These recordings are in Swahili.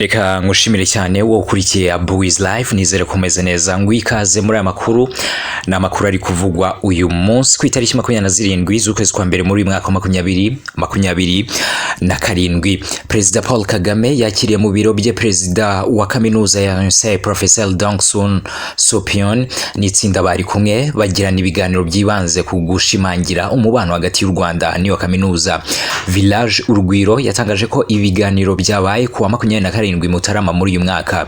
reka ngushimire cyane wo ukurikiye Abuiz Life live nizere kumeze neza ngwikaze muri aya makuru ni amakuru ari kuvugwa uyu munsi ku itariki makumyabiri na zirindwi z'ukwezi kwa mbere muri uyu mwaka wa makumyabiri makumyabiri na karindwi perezida paul kagame yakiriye mu biro bye perezida wa kaminuza ya yonsei professor dongsun sopion n'itsinda bari kumwe bagirana ibiganiro byibanze ku gushimangira umubano hagati y'u rwanda n'iyo kaminuza village urugwiro yatangaje ko ibiganiro byabaye kuwa makumyabiri na karindwi karindwi Mutarama muri uyu mwaka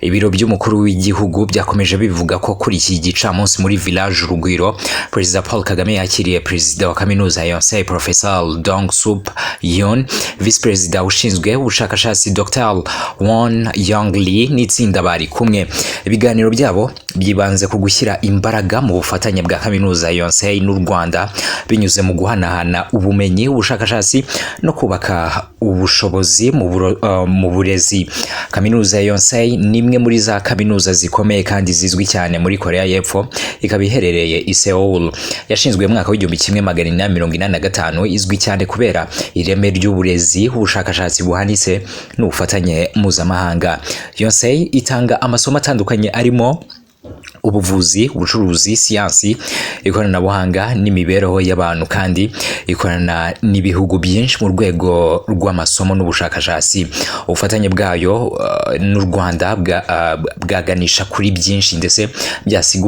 ibiro by'umukuru w'igihugu byakomeje bivuga ko kuri iki gicamunsi muri village Urugwiro Perezida Paul Kagame yakiriye Perezida wa Kaminuza Yonsei Professor Dong Sup Yoon Vice Perezida ushinzwe ubushakashatsi Dr Won Young Lee n'itsinda bari kumwe ibiganiro byabo byibanze ku gushyira imbaraga mu bufatanye bwa Kaminuza Yonsei n'u Rwanda binyuze mu guhanahana ubumenyi ubushakashatsi no kubaka ubushobozi mu eh, burezi kaminuza ya Yonsei ni imwe muri za kaminuza zikomeye kandi zizwi cyane muri Korea y'Epfo ikaba iherereye i Seoul yashinzwe mu mwaka w'igihumbi kimwe magana inani mirongo inani na gatanu izwi cyane kubera ireme ry'uburezi ubushakashatsi buhanitse n'ubufatanye mpuzamahanga Yonsei itanga amasomo atandukanye arimo ubuvuzi ubucuruzi siyansi ikoranabuhanga n'imibereho y'abantu kandi ikorana n'ibihugu byinshi mu rwego rw'amasomo n'ubushakashatsi ubufatanye bwayo eh, n'u Rwanda eh, bwaganisha kuri byinshi ndetse byasiga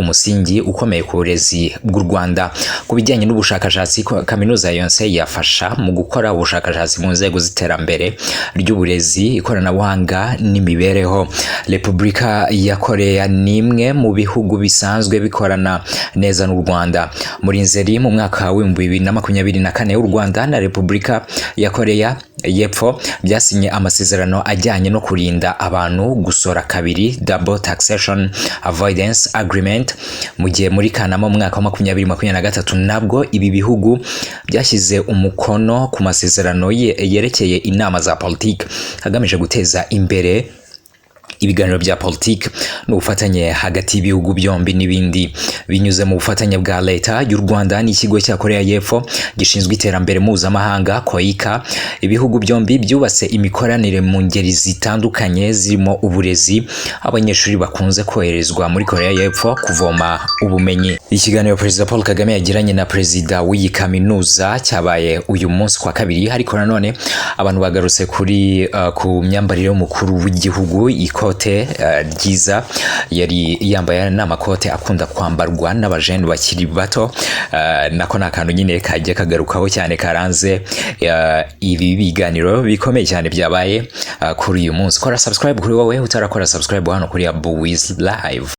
umusingi ukomeye ku burezi bw'u Rwanda. Ku bijyanye n'ubushakashatsi, Kaminuza ya Yonsei yafasha mu gukora ubushakashatsi mu nzego z'iterambere ry'uburezi, ikoranabuhanga n'imibereho. Repubulika ya Korea ni imwe mu bihugu bisanzwe bikorana neza n'u Rwanda. Muri Nzeri mu mwaka w'ibihumbi bibiri na makumyabiri na kane, u Rwanda na Repubulika ya Korea y'Epfo byasinye amasezerano ajyanye no kurinda abantu gusora kabiri double taxation avoidance agreement mu gihe muri Kanama mu mwaka wa makumyabiri makumyabiri na gatatu nabwo ibi bihugu byashyize umukono ku masezerano yerekeye inama za politiki agamije guteza imbere ibiganiro bya politiki n'ubufatanye hagati y'ibihugu byombi n'ibindi binyuze mu bufatanye bwa leta y'u Rwanda n'ikigo cya Korea y'Epfo gishinzwe iterambere mpuzamahanga koika ibihugu byombi byubatse imikoranire mu ngeri zitandukanye zirimo uburezi abanyeshuri bakunze koherezwa muri Korea y'Epfo kuvoma ubumenyi ikiganiro Perezida Paul Kagame yagiranye na Perezida w'iyi kaminuza cyabaye uyu munsi kwa kabiri ariko nanone abantu bagarutse kuri uh, ku myambarire y'umukuru w'igihugu ikora amakote ryiza eh, yari yambaye ni akunda kwambarwa n'abajene bakiri bato eh, nako ni akantu nyine kajya kagarukaho cyane karanze eh, ibi biganiro bikomeye cyane byabaye kuri uyu munsi kora subscribe kuri wowe utarakora subscribe hano kuri ya Wiz Live